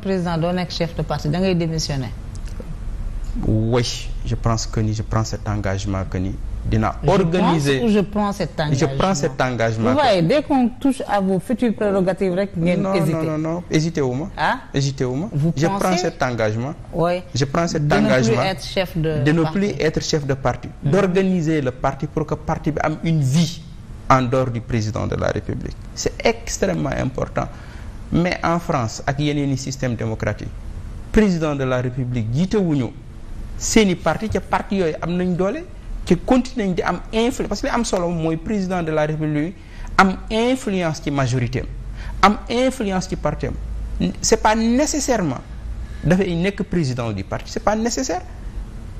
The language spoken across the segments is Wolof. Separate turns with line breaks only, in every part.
président doo nekk chef de parti da ngay démissionner.
oui je pense que ni je prends cet engagement que ni. dina organiser
je prends cet engagement je prends
cet engagement. vous voyez
dès qu'on touche à rek. ngeen hésité non non
wu ma. ah wu ma. vous pensez je prends je prends cet engagement de ne plus être chef chef de parti. Hmm. d'organiser le parti pour que parti bi am une vie en dehors du président de la République. c'est extrêmement important. mais en France ak yeneen i système démocratique président de la république jiitewuñu seeni parti ca parti yooyu am nañ doole ca continuer nañ di am influence parce que am solo mooy président de la république am influence ci majorité am influence ci parti am c'est pas nécessairement dafay nekk président du parti c'est pas nécessaire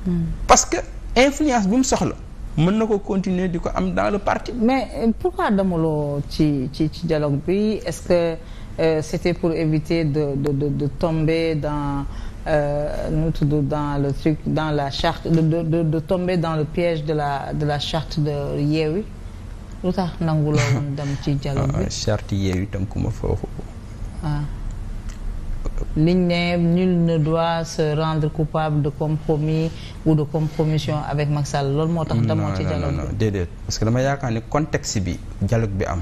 hmm. parce que
influence bu mu soxla mën na ko continuer di ko am dans le parti mais pourquoi demaloo ci ci ci dialogue bi est-ce que euh, c'était pour éviter de de de, de dans euh, nu mu dans le dans la charte de de de, dans le piège de la de la charte de Yewwi lu tax nangu loo woon dem ci dialogue bi. Ah,
charte Yewwi tënkuma foofu.
ah liñ ne nul ne doit se rendre coupable de compromis ou de compromission avec Macky Sall loolu moo tax. demoo ci dialogue
bi non non parce que dama yaakaar ni contexte bi dialogue bi am.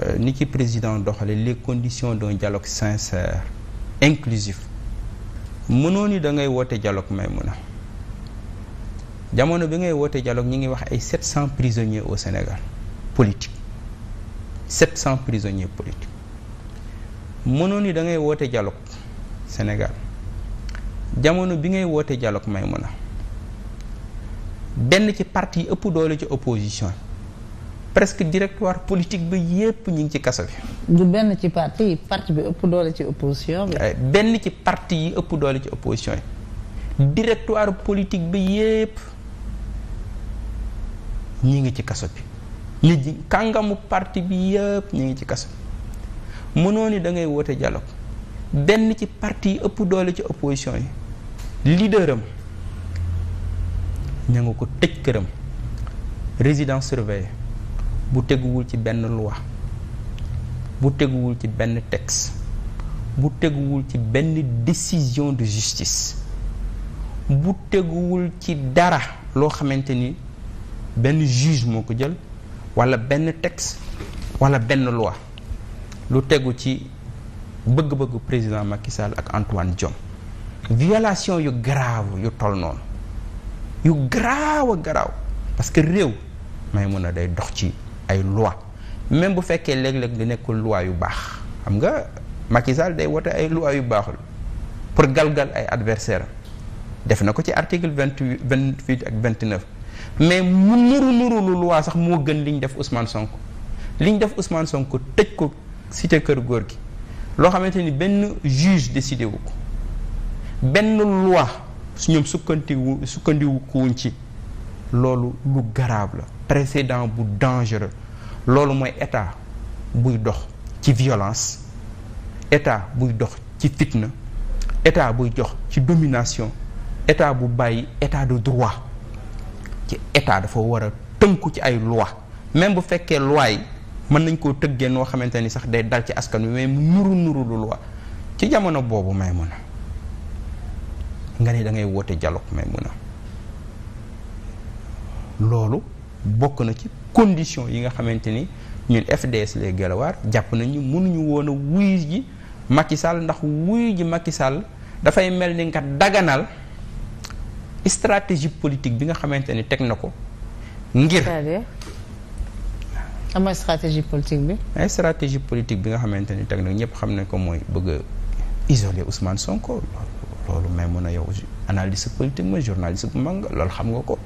Euh, ni ki président doxale les conditions d'un dialogue sincère inclusif mënoo ni da ngay woote dialogue may mun a jamono bi ngay woote dialogue ñi ngi wax ay 700 prisonniers au Sénégal politique 700 prisonniers politiques mënoo ni da ngay woote dialogue Sénégal jamono bi ngay woote dialogue may mun a benn ci parti ëpp doole ci opposition presque directoire politique ba yépp ñu ngi ci kaso bi. du benn ci parti yi parti bi ëpp doole ci opposition bi. Eh, benn ci parti yi ëpp doole ci opposition yi directoire politique bi yépp ñu ngi ci kaso bi. li ji kàngamu parti bi yépp ñi ngi ci kaso bi mënoo ni da ngay woote dialogue benn ci parti yi ëpp doole ci opposition yi leader am ngi ko tëj këram résidence surveillée. bu teguwul ci benn loi bu teguwul ci benn tex bu teguwul ci benn décision de justice bu teguwul ci dara loo xamante ni benn juge moo ko jël walla benn tex walla benn loi lu tegu ci bëgg bëgg président Macky ak Antoine Diome violation yu grave yu tol noonu yu garaaw a garaaw parce que réew may mën a day dox ci ay loi même bu fekkee léeg-léeg di nekkul loi yu baax xam nga Macky Sall day wote ay loi yu baaxul pour galgal ay adversaire def na ko ci article vingt huit vingt huit ak vingt neuf mais mu nuru nuru lu loi sax moo gën li def Ousmane sonk li def Ousmane Sonko tëj ko cité kër góor gi loo xamante ni benn juge décidé wu ko benn loi su ñoom sukkandiwu sukkandiwu kuwuñ ci loolu lu garaab la précédent bu dangereux loolu mooy état buy dox ci violence état buy dox ci fitna état buy jox ci domination état bu bàyyi état du droit ci état dafa war a tënku ci ay loi même bu fekkee loi yi mën nañ koo tëggee noo xamante ni sax day dal ci askan wi mais mu nuru nuru lu loi ci jamono boobu may mun a nga ne da ngay woote dialogue may mun a loolu bokk na ci condition yi nga xamante ni ñun FDS les Guelwaar jàpp nañu mënuñu woon a wuyu ji makki Sall ndax wuyu ji makki Sall dafay mel ni nga daganal stratégie politique bi nga xamante ni teg na ko ngir
ama stratégie politique bi.
ay stratégie politique bi nga xamante ni teg na ñëpp xam nañ ko mooy bëgg a isoler Ousmane Sonko loolu loolu may mën a yow analyste politique mooy journaliste bu mag loolu xam nga ko.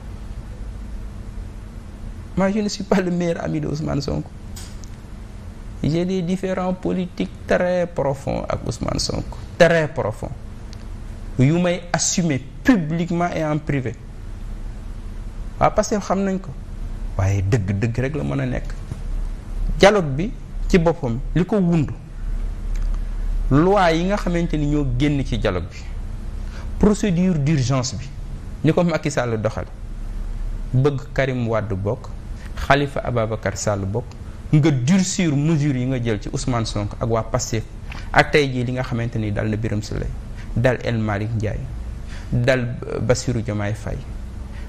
moi je ne suis pas le meilleur ami de sonk Sonko j'ai des différends politiques très profonds ak Ousmane sonk très profonds yu may assumer publiquement et en privé waaw parce que xam nañ ko waaye dëgg-dëgg rek la mën a nekk dialogue bi ci boppam li ko wund loi yi nga xamante ni ñoo génn ci dialogue bi procédure d'urgence bi ni ko Macky Sall doxal bëgg Karim Wade bokk Khalifa Ababacar Sall bokk nga durcir mesures yi nga jël ci Ousmane Sonko ak waa Pastef ak tey jii li nga xamante ni dal na Birame Souleye dal El Malick Ndiaye dal Bassirou Diomaye Faye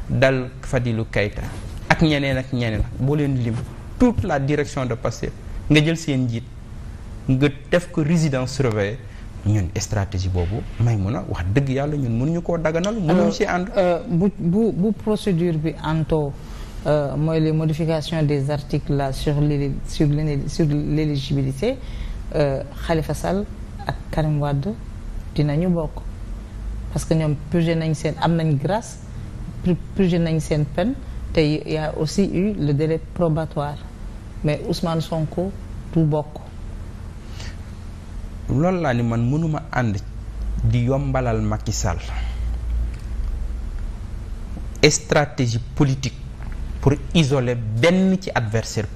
dal fadilu Keïta ak ñeneen ak ñeneen boo leen lim toute la direction de Pastef nga jël seen njiit nga def ko résidence surveillée ñun stratégie boobu may mun a wax dëgg yàlla ñun mënuñu koo daganal mënuñu ci
ànd euh, bu bu bu procédure bi antoo Euh, mooy les modifications des articles là sur l sur sur l'éligibilité xalifa euh, Sall ak Karim Wade dinañu bokk parce que ñoom purgé nañ seen am nañ grâce purgé nañ seen peine te aussi eu le délai probatoire mais Ousmane Sonko du bokk
loolu laa ni man mënuma ànd di yombalal Macky Sall stratégie politique pour isole benn ci adversaire